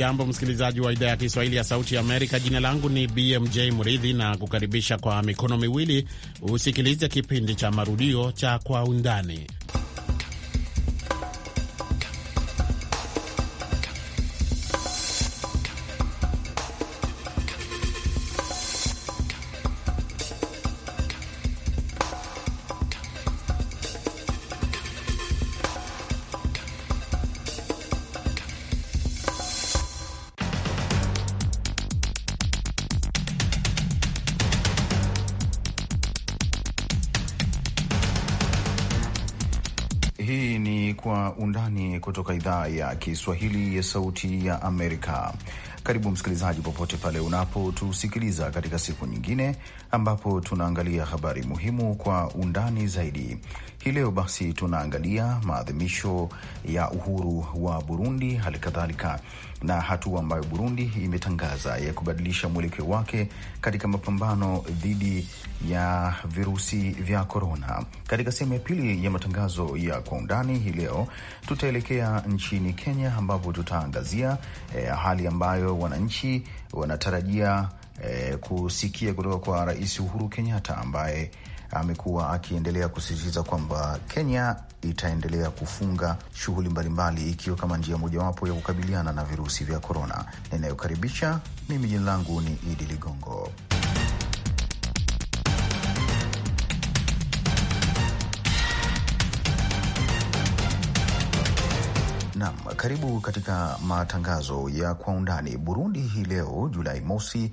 Hujambo msikilizaji wa idhaa ya Kiswahili ya Sauti ya Amerika. Jina langu ni BMJ Mridhi na kukaribisha kwa mikono miwili usikilize kipindi cha marudio cha Kwa Undani. Hii ni Kwa Undani kutoka idhaa ya Kiswahili ya Sauti ya Amerika. Karibu msikilizaji, popote pale unapotusikiliza katika siku nyingine ambapo tunaangalia habari muhimu kwa undani zaidi. Hii leo basi tunaangalia maadhimisho ya uhuru wa Burundi, hali kadhalika na hatua ambayo Burundi imetangaza ya kubadilisha mwelekeo wake katika mapambano dhidi ya virusi vya korona. Katika sehemu ya pili ya matangazo ya kwa undani hii leo, tutaelekea nchini Kenya ambapo tutaangazia eh, hali ambayo wananchi wanatarajia eh, kusikia kutoka kwa Rais Uhuru Kenyatta ambaye amekuwa akiendelea kusisitiza kwamba Kenya itaendelea kufunga shughuli mbalimbali ikiwa kama njia mojawapo ya kukabiliana na virusi vya korona. Ninayokaribisha mimi, jina langu ni Idi Ligongo. Nam, karibu katika matangazo ya kwa undani. Burundi hii leo Julai mosi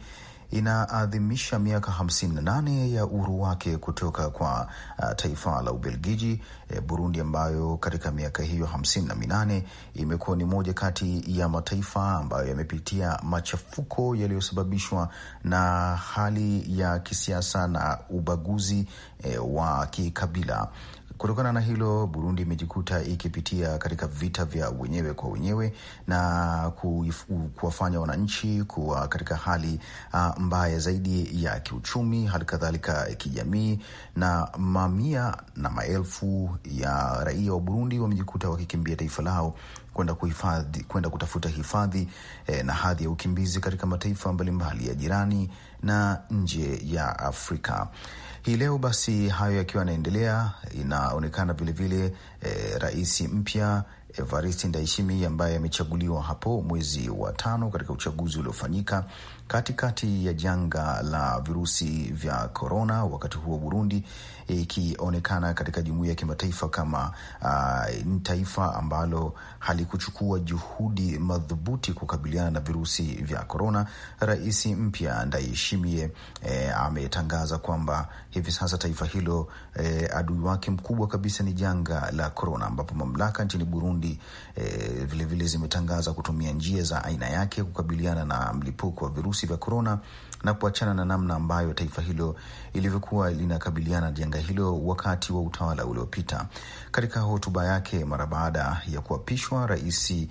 inaadhimisha miaka 58 ya uhuru wake kutoka kwa uh, taifa la Ubelgiji. E, Burundi ambayo katika miaka hiyo 58 imekuwa ni moja kati ya mataifa ambayo yamepitia machafuko yaliyosababishwa na hali ya kisiasa na ubaguzi e, wa kikabila. Kutokana na hilo, Burundi imejikuta ikipitia katika vita vya wenyewe kwa wenyewe na kuwafanya wananchi kuwa katika hali uh, mbaya zaidi ya kiuchumi, hali kadhalika kijamii, na mamia na maelfu ya raia wa Burundi wamejikuta wakikimbia taifa lao kwenda kuhifadhi, kwenda kutafuta hifadhi e, na hadhi ya ukimbizi katika mataifa mbalimbali ya jirani na nje ya Afrika. Hii leo basi, hayo yakiwa yanaendelea, inaonekana vilevile e, eh, rais mpya Evariste Ndayishimiye ambaye amechaguliwa hapo mwezi wa tano katika uchaguzi uliofanyika katikati ya janga la virusi vya korona, wakati huo Burundi ikionekana e, katika jumuiya ya kimataifa kama uh, taifa ambalo halikuchukua juhudi madhubuti kukabiliana na virusi vya korona. Rais mpya Ndayishimiye e, ametangaza kwamba hivi sasa taifa hilo e, adui wake mkubwa kabisa ni janga la korona, ambapo mamlaka nchini Burundi mbalimbali eh, vilevile vile zimetangaza kutumia njia za aina yake kukabiliana na mlipuko wa virusi vya korona na kuachana na namna ambayo taifa hilo ilivyokuwa linakabiliana janga hilo wakati wa utawala uliopita. Katika hotuba yake mara baada ya kuapishwa, Rais eh,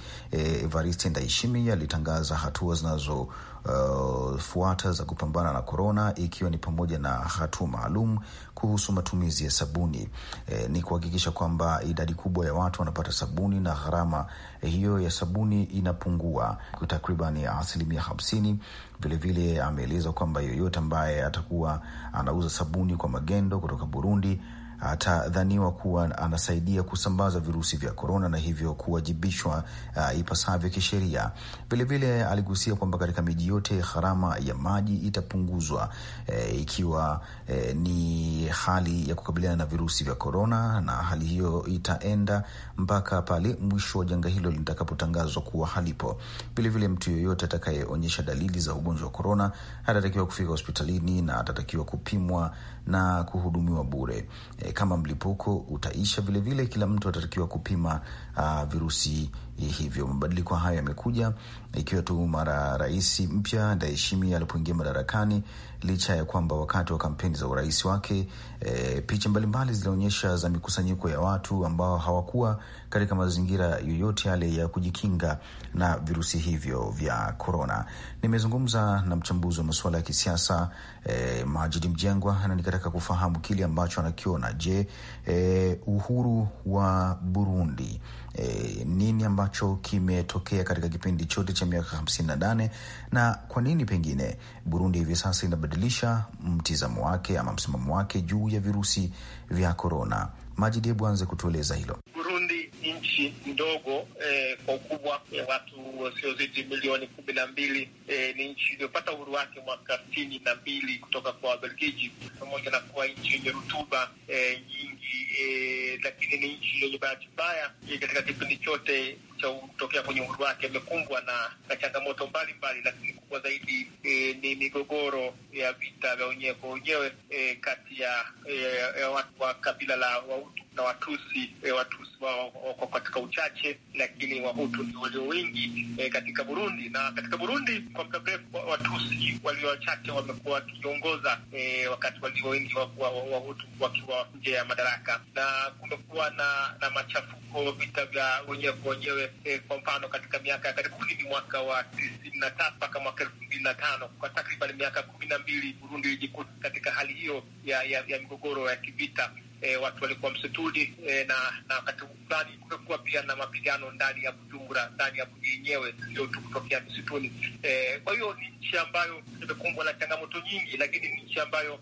Evariste Ndayishimiye alitangaza hatua zinazo Uh, fuata za kupambana na korona ikiwa ni pamoja na hatua maalum kuhusu matumizi ya sabuni e, ni kuhakikisha kwamba idadi kubwa ya watu wanapata sabuni na gharama e, hiyo ya sabuni inapungua kwa takriban asilimia hamsini. Vilevile ameeleza kwamba yoyote ambaye atakuwa anauza sabuni kwa magendo kutoka Burundi atadhaniwa kuwa anasaidia kusambaza virusi vya korona na hivyo kuwajibishwa uh, ipasavyo kisheria. Vilevile aligusia kwamba katika miji yote gharama ya maji itapunguzwa eh, ikiwa eh, ni hali ya kukabiliana na virusi vya korona, na hali hiyo itaenda mpaka pale mwisho wa janga hilo litakapotangazwa kuwa halipo. Vilevile mtu yeyote atakayeonyesha dalili za ugonjwa wa korona atatakiwa kufika hospitalini na atatakiwa kupimwa na kuhudumiwa bure. E, kama mlipuko utaisha vilevile vile, kila mtu atatakiwa kupima uh, virusi hivyo. Mabadiliko hayo yamekuja ikiwa tu mara rais mpya Ndayishimiye alipoingia madarakani, licha ya kwamba wakati wa kampeni za urais wake e, picha mbalimbali zilionyesha za mikusanyiko ya watu ambao hawakuwa katika mazingira yoyote yale ya kujikinga na virusi hivyo vya korona. Nimezungumza na mchambuzi wa masuala ya kisiasa e, Majidi Mjengwa, ananikata wanataka kufahamu kile ambacho anakiona. Je, eh, uhuru wa Burundi E, nini ambacho kimetokea katika kipindi chote cha miaka hamsini na nane na kwa nini pengine Burundi hivi sasa inabadilisha mtizamo wake ama msimamo wake juu ya virusi vya korona? Majidi, hebu anze kutueleza hilo nchi ndogo eh, kwa ukubwa eh, watu wasiozidi milioni kumi na mbili eh, ni nchi iliyopata uhuru wake mwaka sitini na mbili kutoka kwa Wabelgiji, pamoja na kuwa nchi yenye rutuba eh, nyingi eh, lakini ni nchi yenye bahati mbaya eh, katika kipindi chote cha kutokea kwenye uhuru wake imekumbwa na, na changamoto mbalimbali lakini kubwa zaidi e, ni migogoro ya vita vya wenyewe kwa wenyewe e, kati ya e, watu wa kabila la Wahutu na Watusi. E, Watusi wako katika uchache, lakini Wahutu ni walio wengi e, katika Burundi. Na katika Burundi kwa muda mrefu Watusi walio wachache wamekuwa wakiongoza e, wakati walio wengi Wahutu wakiwa nje ya madaraka, na kumekuwa na, na machafuko, vita vya wenyewe kwa wenyewe e, kwa mfano katika miaka ya karibuni ni mwaka wa tisini na tatu mpaka mwaka elfu mbili na tano kwa takriban miaka kumi na mbili Burundi ilijikuta katika hali hiyo ya, ya, ya migogoro ya kivita. E, watu walikuwa msituni e, na na wakati fulani kumekuwa pia na mapigano ndani ya Bujumbura, ndani ya Burundi yenyewe, sio tu kutokea msituni. E, kwa hiyo ni nchi ambayo imekumbwa na changamoto nyingi, lakini ni nchi ambayo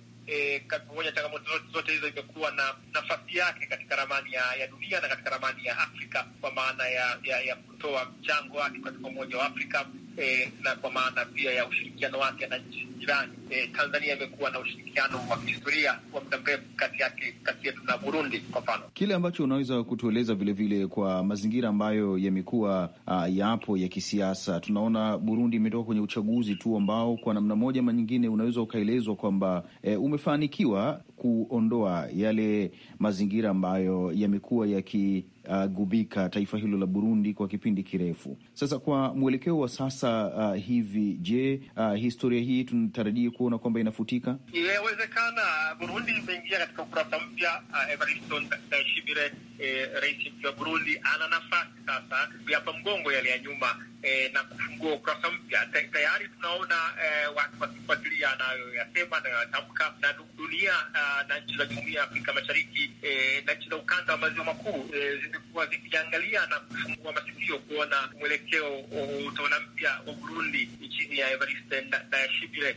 pamoja e, changamoto zote, zote hizo imekuwa na nafasi yake katika ramani ya, ya dunia na katika ramani ya Afrika kwa maana ya, ya, ya kutoa mchango wake katika Umoja wa Afrika eh, na kwa maana pia ya ushirikiano wake na nchi jirani e, Tanzania imekuwa na ushirikiano wa kihistoria wa muda mrefu kati yake kati yetu na Burundi kwa mfano. Kile ambacho unaweza kutueleza vilevile vile kwa mazingira ambayo yamekuwa uh, yapo ya kisiasa, tunaona Burundi imetoka kwenye uchaguzi tu ambao kwa namna moja ama nyingine unaweza ukaelezwa kwamba e, umefanikiwa kuondoa yale mazingira ambayo yamekuwa yaki Uh, gubika taifa hilo la Burundi kwa kipindi kirefu sasa. Kwa mwelekeo wa sasa uh, hivi je, uh, historia hii tarajii kuona kwamba inafutika? Inawezekana Burundi imeingia katika ukurasa mpya. Uh, Evariste Ndayishimiye, eh, rais mpya wa Burundi, ana nafasi sasa kuyapa mgongo yale ya nyuma eh, na kufungua ukurasa mpya. Tayari tunaona eh, watu wakifuatilia anayoyasema, anayoyatamka na dunia uh, na nchi za jumuiya ya Afrika Mashariki na nchi za ukanda wa maziwa makuu zimekuwa zikiangalia na kufungua masikio kuona mwelekeo uh, utaona mpya wa Burundi chini ya Evariste Ndayishimiye.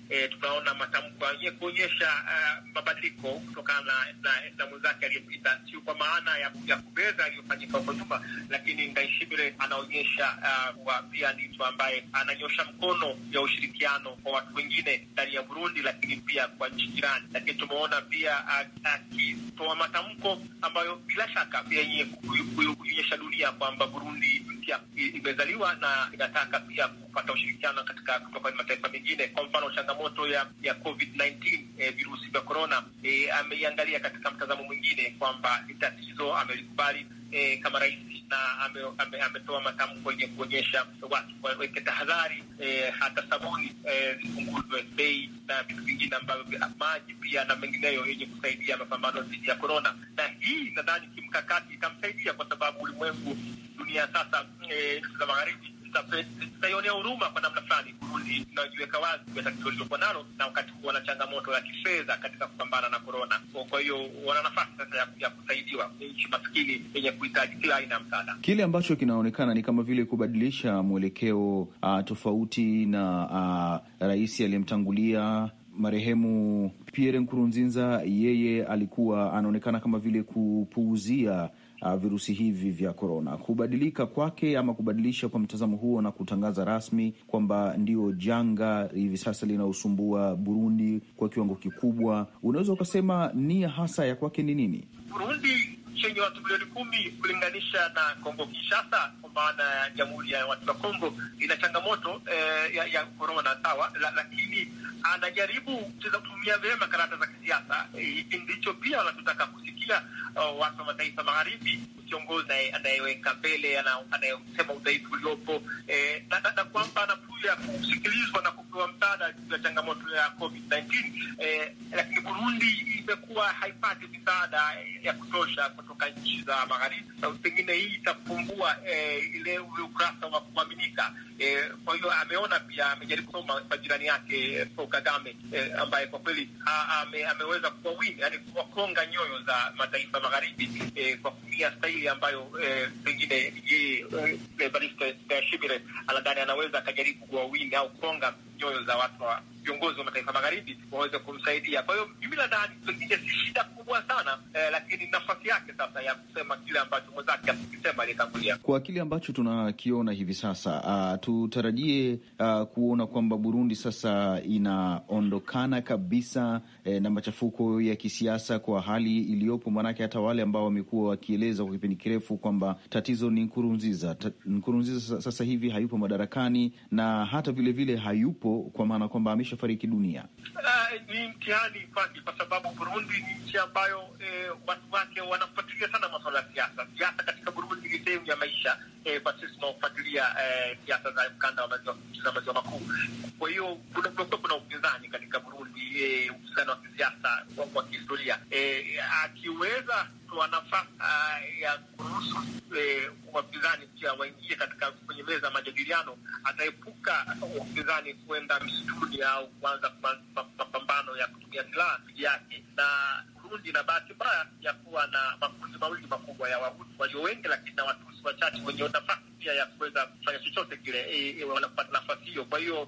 e, tunaona matamko yenyewe kuonyesha uh, mabadiliko kutokana na, na, na mwenzake aliyepita, sio kwa maana ya, ya kubeza aliyofanyika huko nyuma, lakini Ndayishimiye anaonyesha uh, pia ni mtu ambaye ananyosha mkono ya ushirikiano kwa watu wengine ndani ya Burundi, lakini pia kwa nchi jirani. Lakini tumeona pia e, akitoa matamko ambayo bila shaka yenye kuonyesha dunia kwamba Burundi mpya imezaliwa na inataka pia kupata ushirikiano katika kutoka mataifa mengine, kwa mfano changamoto changamoto ya ya COVID-19 eh, virusi vya korona eh, ameiangalia katika mtazamo mwingine kwamba ni tatizo, amelikubali eh, kama rais na ametoa ame, ame matamko yenye kuonyesha watu waweke tahadhari eh, hata sabuni eh, zipunguzwe eh, bei na vitu vingine ambavyo maji pia na mengineyo yenye kusaidia mapambano dhidi ya korona. Na hii nadhani kimkakati itamsaidia kwa sababu ulimwengu, dunia sasa, eh, za magharibi tutaionea huruma kwa namna fulani Burundi, inajiweka wazi kwa tatizo lilokuwa nalo, na wakati huu wana changamoto ya kifedha katika kupambana na korona. Kwa hiyo wana nafasi sasa ya kusaidiwa, ni nchi maskini yenye kuhitaji kila aina ya msaada. Kile ambacho kinaonekana ni kama vile kubadilisha mwelekeo uh, tofauti na uh, rais aliyemtangulia marehemu Pierre Nkurunziza, yeye alikuwa anaonekana kama vile kupuuzia uh, virusi hivi vya korona. Kubadilika kwake ama kubadilisha kwa mtazamo huo na kutangaza rasmi kwamba ndio janga hivi sasa linaosumbua Burundi kwa kiwango kikubwa, unaweza ukasema nia hasa ya kwake ni nini? Burundi chenye watu milioni kumi kulinganisha na Kongo Kinshasa, kwa maana ya jamhuri ya watu wa Kongo ina changamoto eh, ya, ya korona sawa la, lakini anajaribu kutumia vyema karata za kisiasa. Hiki eh, ndicho pia wanatutaka kusikia siya o oh, at mamatay sa mga ripi. kiongozi anayeweka mbele, anayosema udhaifu uliopo eh, na, na, na kwamba anapuya kusikilizwa na kupewa msaada juu ya changamoto ya COVID-19 eh, lakini Burundi imekuwa haipati misaada ya kutosha kutoka nchi za magharibi. Pengine hii itapungua eh, ile ule ukurasa wa kuaminika eh, kwa hiyo ameona pia amejaribu kusoma kwa jirani yake eh, Paul Kagame eh, ambaye kwa kweli ame, ameweza kuwawini, yani kuwakonga nyoyo za mataifa magharibi eh, kwa kutumia staili hii ambayo eh, pengine e, e, Evariste Ndayishimiye anadhani anaweza akajaribu kuwawini au konga nyoyo za watu wa viongozi wa mataifa magharibi waweze kumsaidia. Kwa hiyo mimi nadhani pengine si shida kubwa sana eh, lakini nafasi yake sasa ya kusema kile ambacho mwenzake akisema aliyetangulia. Kwa kile ambacho tunakiona hivi sasa, uh, tutarajie uh, kuona kwamba Burundi sasa inaondokana kabisa eh, na machafuko ya kisiasa kwa hali iliyopo, maanake hata wale ambao wamekuwa wakieleza kwa kipindi kirefu kwamba tatizo ni Nkurunziza. Ta, Nkurunziza sasa hivi hayupo madarakani na hata vilevile vile hayupo huko, kwa maana kwamba ameshafariki dunia. Uh, ni mtihani fani, kwa sababu Burundi ni nchi ambayo eh, watu wake wanafuatilia sana masuala ya siasa. Siasa katika Burundi ni sehemu ya maisha eh, fasisi tunaofuatilia eh, siasa za mkanda wa maziwa makuu. Kwa hiyo kumekuwa kuna upinzani katika Burundi, eh, upinzani eh, wa kisiasa wa kihistoria eh, akiweza wa nafaka uh, ya kuruhusu uh, wapinzani pia waingie katika kwenye meza ya majadiliano, ataepuka wapinzani kuenda msituni au kuanza mapambano ya kutumia silaha dhidi yake. Na Burundi na bahati mbaya ya kuwa na makundi mawili makubwa ya Wahutu walio wengi, lakini na Watusi wachache wenye nafasi pia ya kuweza kufanya chochote kile, e, e wanapata nafasi hiyo. Kwa hiyo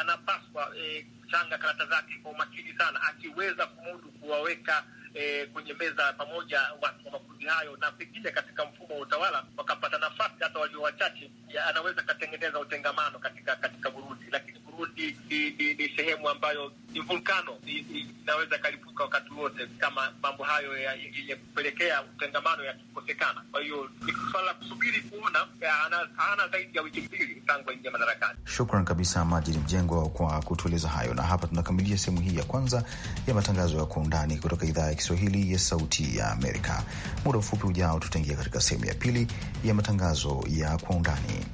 anapaswa e, kuchanga changa karata zake kwa umakini sana, akiweza kumudu kuwaweka eh, kwenye meza pamoja watu wa makundi hayo, na pengine katika mfumo wa utawala wakapata nafasi hata walio wachache, anaweza katengeneza utengamano katika katika Burundi, lakini Burundi ni sehemu ambayo ni vulkano, inaweza ikalipuka wakati wote kama mambo hayo yenye kupelekea utengamano yakikosekana. Kwa hiyo ni swala la kusubiri kuona. Ana zaidi ya wiki mbili tangu aingia madarakani. Shukran kabisa Majid Mjengwa kwa kutueleza hayo, na hapa tunakamilisha sehemu hii ya kwanza ya matangazo ya kwa undani kutoka idhaa ya Kiswahili ya Sauti ya Amerika. Muda mfupi ujao, tutaingia katika sehemu ya pili ya matangazo ya Kwa Undani.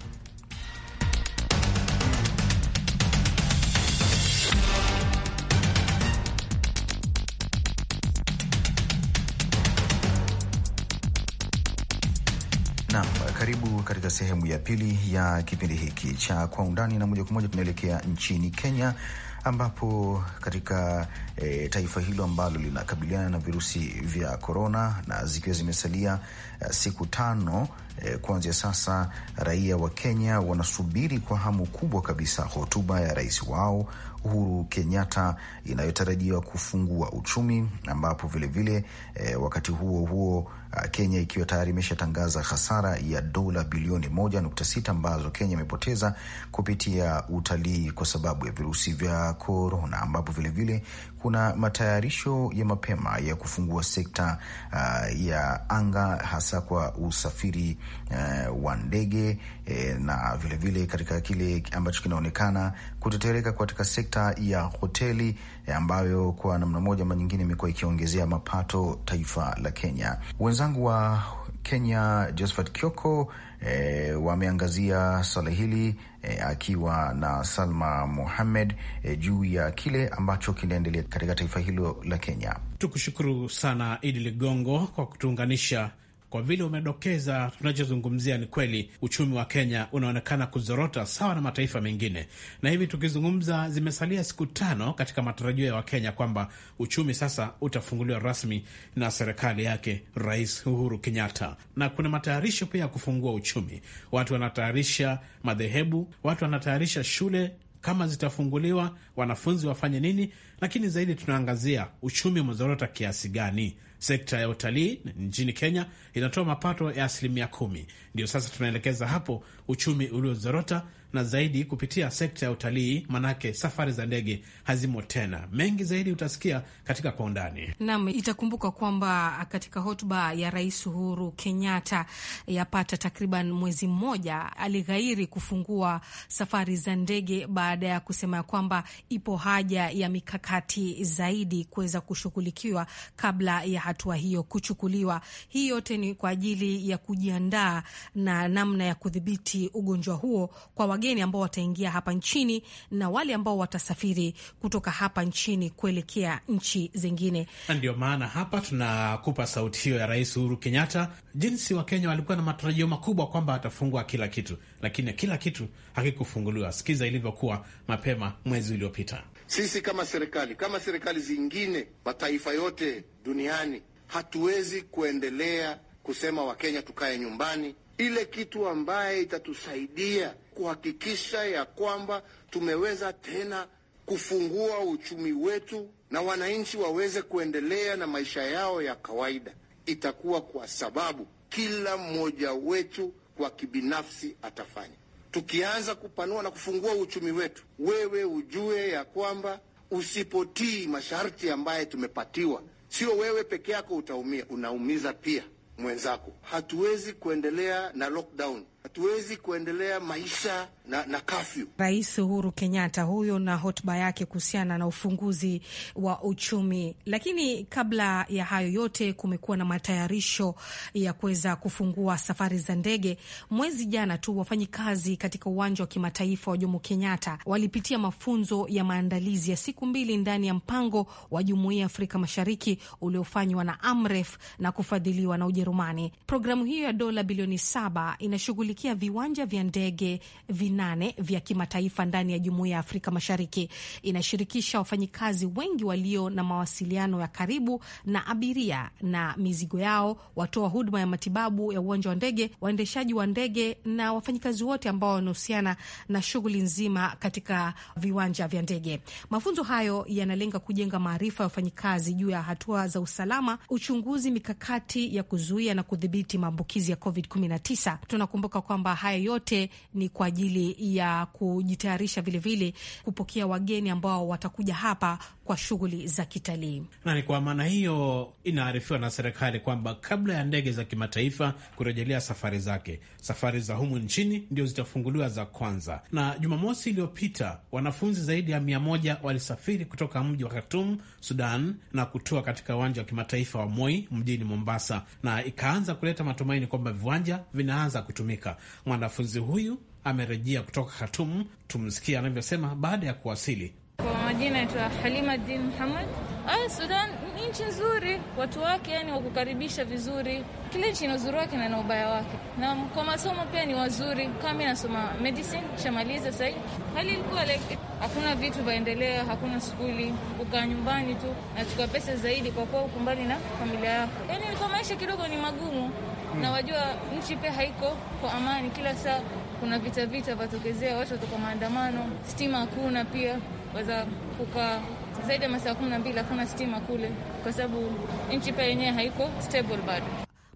Karibu katika sehemu ya pili ya kipindi hiki cha Kwa Undani, na moja kwa moja tunaelekea nchini Kenya ambapo katika e, taifa hilo ambalo linakabiliana na virusi vya korona na zikiwa zimesalia e, siku tano e, kuanzia sasa, raia wa Kenya wanasubiri kwa hamu kubwa kabisa hotuba ya rais wao Uhuru Kenyatta inayotarajiwa kufungua uchumi, ambapo vilevile vile, e, wakati huo huo Uh, Kenya ikiwa tayari imeshatangaza hasara ya dola bilioni moja nukta ambazo Kenya imepoteza kupitia utalii kwa sababu ya virusi vya korona, ambapo vilevile kuna matayarisho ya mapema ya kufungua sekta uh, ya anga hasa kwa usafiri uh, wa ndege eh, na vilevile katika kile ambacho kinaonekana kutetereka katika sekta ya hoteli eh, ambayo kwa namna moja ama nyingine imekuwa ikiongezea mapato taifa la Kenya. Wenza mwenzangu wa Kenya Josphat Kioko e, wameangazia swala hili e, akiwa na Salma muhamed e, eh, juu ya kile ambacho kinaendelea katika taifa hilo la Kenya. Tukushukuru sana Idi Ligongo kwa kutuunganisha kwa vile umedokeza, tunachozungumzia ni kweli, uchumi wa Kenya unaonekana kuzorota sawa na mataifa mengine, na hivi tukizungumza, zimesalia siku tano katika matarajio ya Wakenya kwamba uchumi sasa utafunguliwa rasmi na serikali yake Rais Uhuru Kenyatta, na kuna matayarisho pia ya kufungua uchumi. Watu wanatayarisha madhehebu, watu wanatayarisha shule kama zitafunguliwa, wanafunzi wafanye nini, lakini zaidi tunaangazia uchumi umezorota kiasi gani. Sekta ya utalii nchini Kenya inatoa mapato ya asilimia kumi. Ndio sasa tunaelekeza hapo uchumi uliozorota na zaidi kupitia sekta ya utalii, manake safari za ndege hazimo tena. Mengi zaidi utasikia katika kwa undani. Naam, itakumbuka kwamba katika hotuba ya Rais Uhuru Kenyatta yapata takriban mwezi mmoja, alighairi kufungua safari za ndege baada ya kusema ya kwamba ipo haja ya mikakati zaidi kuweza kushughulikiwa kabla ya hatua hiyo kuchukuliwa. Hii yote ni kwa ajili ya kujiandaa na namna ya kudhibiti ugonjwa huo kwa wageni ambao wataingia hapa nchini na wale ambao watasafiri kutoka hapa nchini kuelekea nchi zingine. Ndio maana hapa tunakupa sauti hiyo ya Rais Uhuru Kenyatta, jinsi Wakenya walikuwa na matarajio makubwa kwamba atafungua kila kitu, lakini kila kitu hakikufunguliwa. Sikiza ilivyokuwa mapema mwezi uliopita. Sisi kama serikali, kama serikali zingine, mataifa yote duniani, hatuwezi kuendelea kusema Wakenya tukae nyumbani ile kitu ambaye itatusaidia kuhakikisha ya kwamba tumeweza tena kufungua uchumi wetu na wananchi waweze kuendelea na maisha yao ya kawaida, itakuwa kwa sababu kila mmoja wetu kwa kibinafsi atafanya. Tukianza kupanua na kufungua uchumi wetu, wewe ujue ya kwamba usipotii masharti ambaye tumepatiwa, sio wewe peke yako utaumia, unaumiza pia mwenzako. Hatuwezi kuendelea na lockdown. Hatuwezi kuendelea maisha na, na kafyu. Rais Uhuru Kenyatta huyo na hotuba yake kuhusiana na ufunguzi wa uchumi. Lakini kabla ya hayo yote, kumekuwa na matayarisho ya kuweza kufungua safari za ndege. Mwezi jana tu wafanyikazi katika uwanja wa kimataifa wa Jomo Kenyatta walipitia mafunzo ya maandalizi ya siku mbili ndani ya mpango wa Jumuiya Afrika Mashariki uliofanywa na AMREF na kufadhiliwa na Ujerumani. Programu hiyo ya dola bilioni saba inashughulika kushughulikia viwanja vya ndege vinane vya kimataifa ndani ya Jumuiya ya Afrika Mashariki. Inashirikisha wafanyikazi wengi walio na mawasiliano ya karibu na abiria na mizigo yao, watoa huduma ya matibabu ya uwanja wa ndege, waendeshaji wa ndege na wafanyikazi wote ambao wanahusiana na shughuli nzima katika viwanja vya ndege. Mafunzo hayo yanalenga kujenga maarifa ya wafanyikazi juu ya hatua za usalama, uchunguzi, mikakati ya kuzuia na kudhibiti maambukizi ya COVID-19. Tunakumbuka kumbuka kwamba haya yote ni kwa ajili ya kujitayarisha vilevile kupokea wageni ambao watakuja hapa kwa shughuli za kitalii. Na ni kwa maana hiyo inaarifiwa na serikali kwamba kabla ya ndege za kimataifa kurejelea safari zake, safari za humu nchini ndio zitafunguliwa za kwanza. Na Jumamosi iliyopita wanafunzi zaidi ya mia moja walisafiri kutoka mji wa Khartoum, Sudan, na kutua katika uwanja wa kimataifa wa Moi mjini Mombasa, na ikaanza kuleta matumaini kwamba viwanja vinaanza kutumika. Mwanafunzi huyu amerejea kutoka khatum tumsikie anavyosema baada ya kuwasili kwa majina naitwa Halima Din Muhammad. Ah, Sudan ni nchi nzuri, watu wake yani wakukaribisha vizuri. Kila nchi ina uzuri wake na ubaya wake, na kwa masomo pia ni wazuri. Kama mi nasoma medicine shamaliza sahii, hali ilikuwa like hakuna vitu vaendelea, hakuna skuli, kukaa nyumbani tu, nachukua pesa zaidi kwa kuwa mbali na familia yako, yani ilikuwa maisha kidogo ni magumu Hmm. Na wajua nchi pia haiko kwa amani, kila saa kuna vita vita vatokezea, watu watoka maandamano, stima hakuna pia waweza kukaa zaidi ya masaa kumi na mbili hakuna stima kule, kwa sababu nchi pa yenyewe haiko stable bado.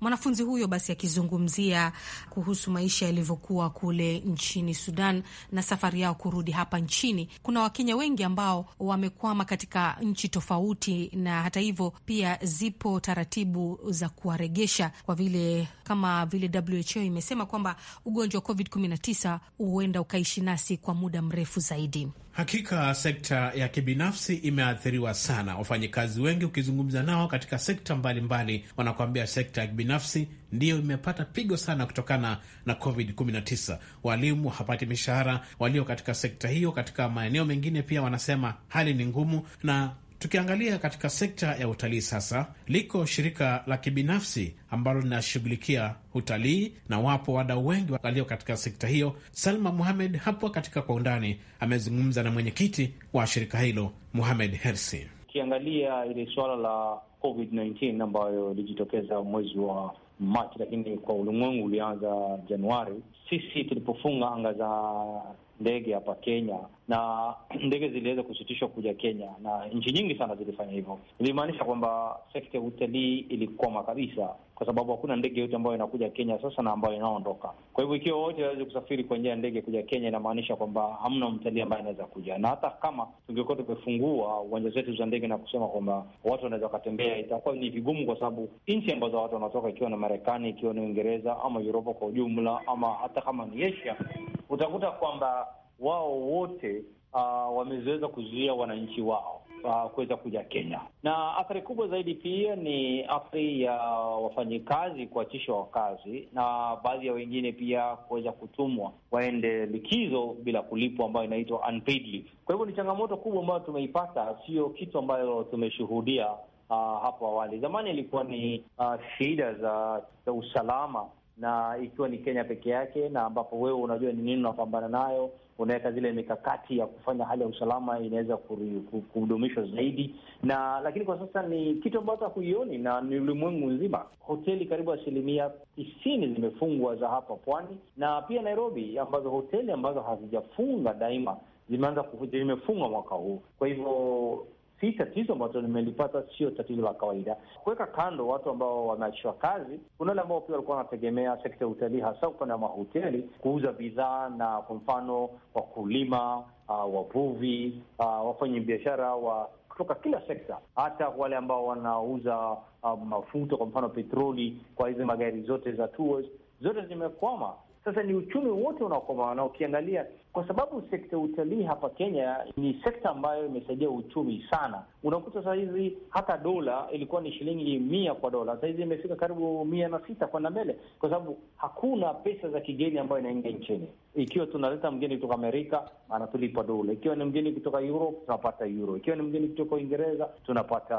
Mwanafunzi huyo basi akizungumzia kuhusu maisha yalivyokuwa kule nchini Sudan na safari yao kurudi hapa nchini. Kuna Wakenya wengi ambao wamekwama katika nchi tofauti, na hata hivyo pia zipo taratibu za kuwaregesha, kwa vile kama vile WHO imesema kwamba ugonjwa wa COVID-19 huenda ukaishi nasi kwa muda mrefu zaidi. Hakika sekta ya kibinafsi imeathiriwa sana. Wafanyikazi wengi ukizungumza nao katika sekta mbalimbali, wanakuambia sekta ya kibinafsi ndiyo imepata pigo sana kutokana na COVID-19. Walimu hapati mishahara, walio katika sekta hiyo, katika maeneo mengine pia wanasema hali ni ngumu, na Tukiangalia katika sekta ya utalii sasa, liko shirika la kibinafsi ambalo linashughulikia utalii na wapo wadau wengi walio katika sekta hiyo. Salma Muhamed hapo katika Kwa Undani amezungumza na mwenyekiti wa shirika hilo Muhamed Hersi. Ukiangalia ile suala la COVID-19 ambayo ilijitokeza mwezi wa Machi, lakini kwa ulimwengu ulianza Januari. Sisi tulipofunga anga za ndege hapa Kenya na ndege ziliweza kusitishwa kuja Kenya, na nchi nyingi sana zilifanya hivyo. Ilimaanisha kwamba sekta ya utalii ilikwama kabisa, kwa sababu hakuna ndege yote ambayo inakuja Kenya sasa na ambayo inaondoka. Kwa hivyo, ikiwa wote waweze kusafiri kwa njia ya ndege kuja Kenya, inamaanisha kwamba hamna mtalii ambaye anaweza kuja. Na hata kama tungekuwa tumefungua uwanja zetu za ndege na kusema kwamba watu wanaweza wakatembea, itakuwa ni vigumu, kwa sababu nchi ambazo watu wanatoka, ikiwa ni Marekani, ikiwa ni Uingereza ama Uropa kwa ujumla, ama hata kama ni Asia, utakuta kwamba wao wote uh, ah, wameweza kuzuia wananchi wao uh, kuweza kuja Kenya, na athari kubwa zaidi pia ni athari ya wafanyikazi kuachishwa wakazi na baadhi ya wengine pia kuweza kutumwa waende likizo bila kulipwa, ambayo inaitwa unpaid leave. Kwa hivyo ni changamoto kubwa ambayo tumeipata, sio kitu ambayo tumeshuhudia uh, hapo awali. Zamani ilikuwa ni uh, shida za, za usalama na ikiwa ni Kenya peke yake, na ambapo wewe unajua ni nini unapambana nayo unaweka zile mikakati ya kufanya hali ya usalama inaweza kudumishwa zaidi, na lakini kwa sasa ni kitu ambacho hakuioni na ni ulimwengu nzima. Hoteli karibu asilimia tisini zimefungwa za hapa pwani na pia Nairobi, ambazo hoteli ambazo hazijafunga daima zimeanza zimefungwa mwaka huu, kwa hivyo hii tatizo ambazo limelipata sio tatizo la kawaida. Kuweka kando watu ambao wameachishwa kazi, kuna wale ambao pia walikuwa wanategemea sekta ya utalii, hasa upande wa mahoteli kuuza bidhaa, na kwa mfano wakulima, uh, wavuvi, uh, biashara wa kutoka kila sekta, hata wale ambao wanauza uh, mafuta, kwa mfano petroli, kwa hizi magari zote za tours, zote zimekwama. Sasa ni uchumi wote unaokwama, na ukiangalia kwa sababu sekta ya utalii hapa Kenya ni sekta ambayo imesaidia uchumi sana. Unakuta saa hizi hata dola ilikuwa ni shilingi mia kwa dola, saa hizi imefika karibu mia na sita kwenda mbele, kwa sababu hakuna pesa za kigeni ambayo inaingia nchini. Ikiwa tunaleta mgeni kutoka Amerika anatulipa dola, ikiwa ni mgeni kutoka Europe tunapata euro, ikiwa ni mgeni kutoka Uingereza tunapata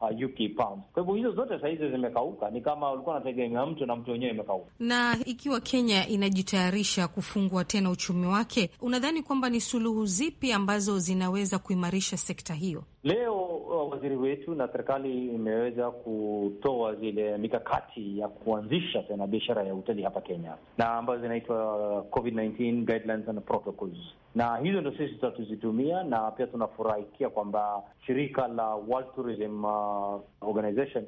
uh, UK Kwa hivyo hizo zote saa hizi zimekauka, ni kama ulikuwa unategemea mtu na mtu wenyewe imekauka. Na ikiwa Kenya inajitayarisha kufungua tena uchumi wake yake, unadhani kwamba ni suluhu zipi ambazo zinaweza kuimarisha sekta hiyo? Leo uh, waziri wetu na serikali imeweza kutoa zile mikakati ya kuanzisha tena biashara ya utalii hapa Kenya, na ambazo zinaitwa uh, COVID-19 guidelines and protocols, na hizo ndo sisi tutazitumia, na pia tunafurahikia kwamba shirika la World Tourism uh, Organization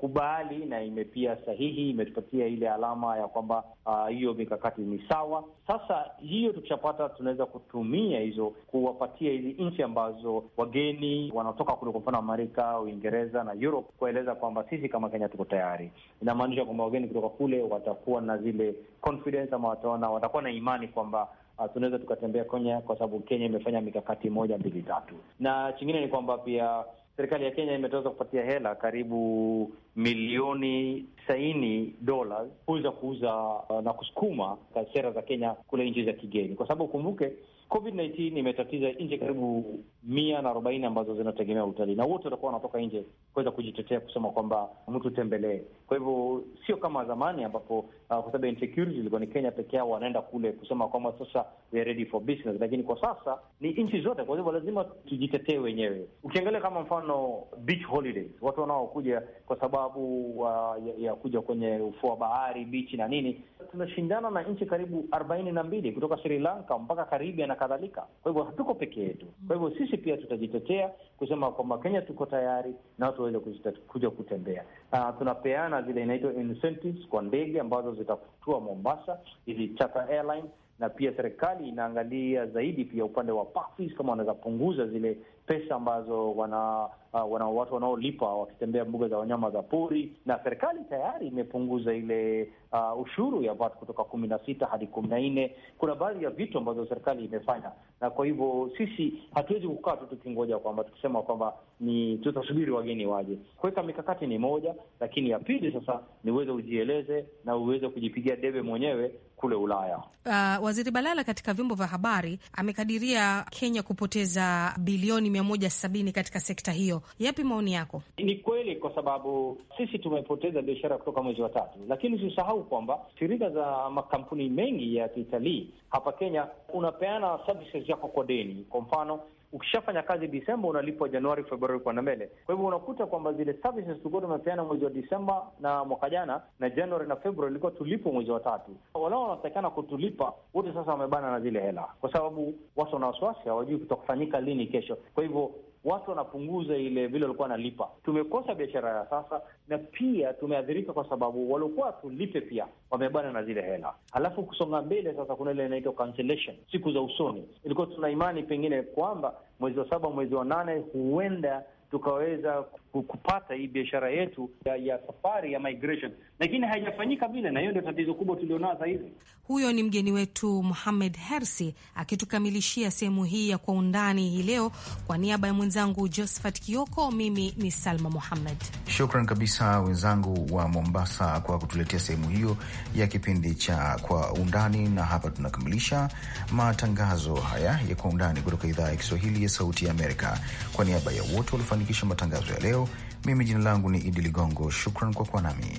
imekubali na imepia sahihi, imetupatia ile alama ya kwamba ah, hiyo uh, mikakati ni sawa. Sasa hiyo tukishapata, tunaweza kutumia hizo kuwapatia hizi nchi ambazo wageni wanaotoka kule, kwa mfano Amerika, Uingereza na Europe, kueleza kwamba sisi kama Kenya tuko tayari. Inamaanisha kwamba wageni kutoka kule watakuwa na zile confidence ama wataona, watakuwa na imani kwamba Uh, tunaweza tukatembea Kenya kwa sababu Kenya imefanya mikakati moja mbili tatu, na chingine ni kwamba pia serikali ya Kenya imetoweza kupatia hela karibu milioni tisaini dola kuweza kuuza uh, na kusukuma uh, sera za Kenya kule nchi za kigeni, kwa sababu ukumbuke COVID-19 imetatiza nchi karibu mia na arobaini ambazo zinategemea utalii na wote watakuwa wanatoka nje kuweza kujitetea kusema kwamba mtu tembelee. Kwa hivyo sio kama zamani ambapo uh, kwa sababu insecurity ilikuwa ni Kenya peke yao wanaenda kule kusema kwamba sasa we are ready for business, lakini kwa sasa ni nchi zote. Kwa hivyo lazima tujitetee wenyewe. Ukiangalia kama mfano beach holidays, watu wanaokuja kwa sababu uh, ya, ya kuja kwenye ufuo wa bahari beach na nini, tunashindana na nchi karibu arobaini na mbili kutoka Sri Lanka mpaka Karibia na kadhalika. Kwa hivyo hatuko peke yetu, mm-hmm. kwa hivyo sisi pia tutajitetea kusema kwamba Kenya tuko tayari na watu waweze kuja kutembea. Uh, tunapeana zile inaitwa incentives kwa ndege ambazo zitafutua Mombasa, hizi charter airline na pia serikali inaangalia zaidi pia upande wa kama wanaweza punguza zile pesa ambazo wana Ah, wana watu wanaolipa wakitembea mbuga za wanyama za pori, na serikali tayari imepunguza ile uh, ushuru ya VAT kutoka kumi na sita hadi kumi na nne. Kuna baadhi ya vitu ambazo serikali imefanya, na kwa hivyo sisi hatuwezi kukaa tu tukingoja kwamba tukisema kwamba ni tutasubiri wageni waje. Kuweka mikakati ni moja, lakini ya pili sasa ni uweze ujieleze na uweze kujipigia debe mwenyewe kule Ulaya. Uh, Waziri Balala katika vyombo vya habari amekadiria Kenya kupoteza bilioni mia moja sabini katika sekta hiyo Yapi maoni yako? Ni kweli kwa sababu sisi tumepoteza biashara kutoka mwezi wa tatu, lakini usisahau kwamba shirika za makampuni mengi ya kitalii hapa Kenya unapeana services yako kwa deni. Kwa mfano ukishafanya kazi Disemba unalipwa Januari, Februari kwenda mbele. Kwa hivyo unakuta kwamba zile services tulikuwa tumepeana mwezi wa Disemba na mwaka jana na Januari na Februari ilikuwa tulipo mwezi wa tatu, walao wanatakikana kutulipa wote sasa wamebana na zile hela, kwa sababu watu wana wasiwasi, hawajui kutakufanyika lini kesho. Kwa hivyo watu wanapunguza ile vile walikuwa wanalipa. Tumekosa biashara ya sasa, na pia tumeathirika kwa sababu waliokuwa tulipe pia wamebana na zile hela. Halafu kusonga mbele sasa, kuna ile inaitwa cancellation, siku za usoni. Ilikuwa tuna imani pengine kwamba mwezi wa saba, mwezi wa nane huenda tukaweza kupata hii biashara yetu ya, ya safari ya migration, lakini haijafanyika vile, na hiyo ndio tatizo kubwa tulionao sasa hivi. Huyo ni mgeni wetu Muhamed Hersi akitukamilishia sehemu hii ya kwa undani hii leo. Kwa niaba ya mwenzangu Josephat Kioko, mimi ni Salma Muhamed. Shukran kabisa wenzangu wa Mombasa kwa kutuletea sehemu hiyo ya kipindi cha kwa undani, na hapa tunakamilisha matangazo haya ya kwa undani kutoka idhaa ya Kiswahili ya Sauti ya Amerika. Kwa niaba ya wote waliofanikisha matangazo ya leo leo. Mimi jina langu ni Idi Ligongo, shukran kwa kuwa nami.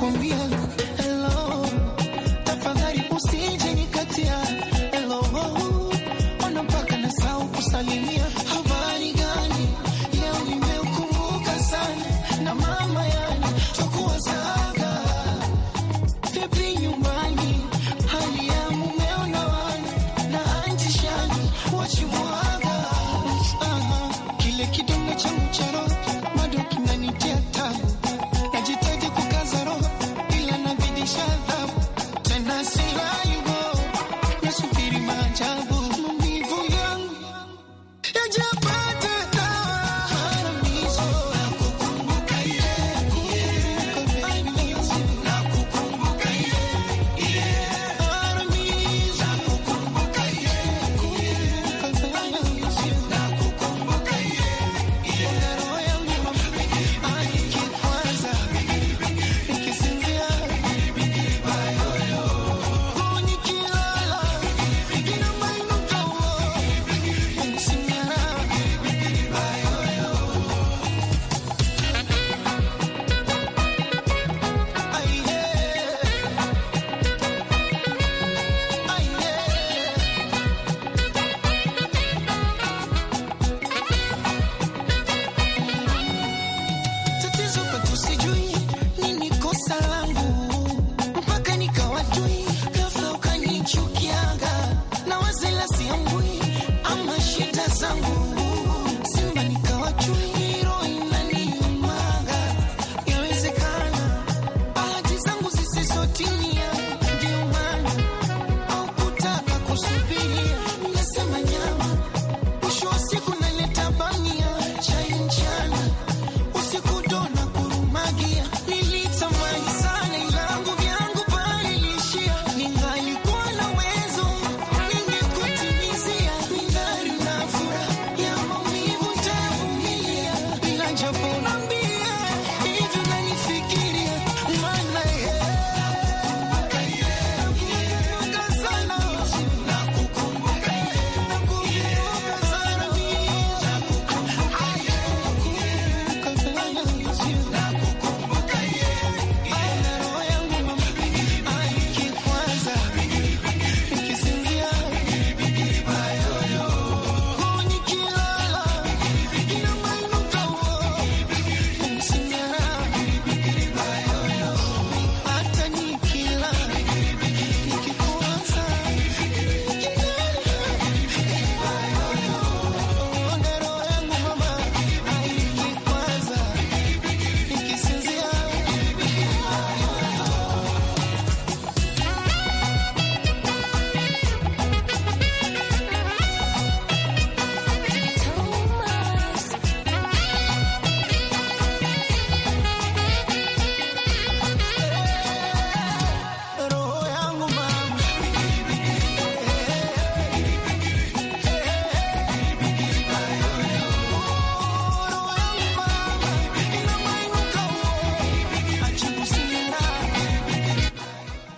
con miedo.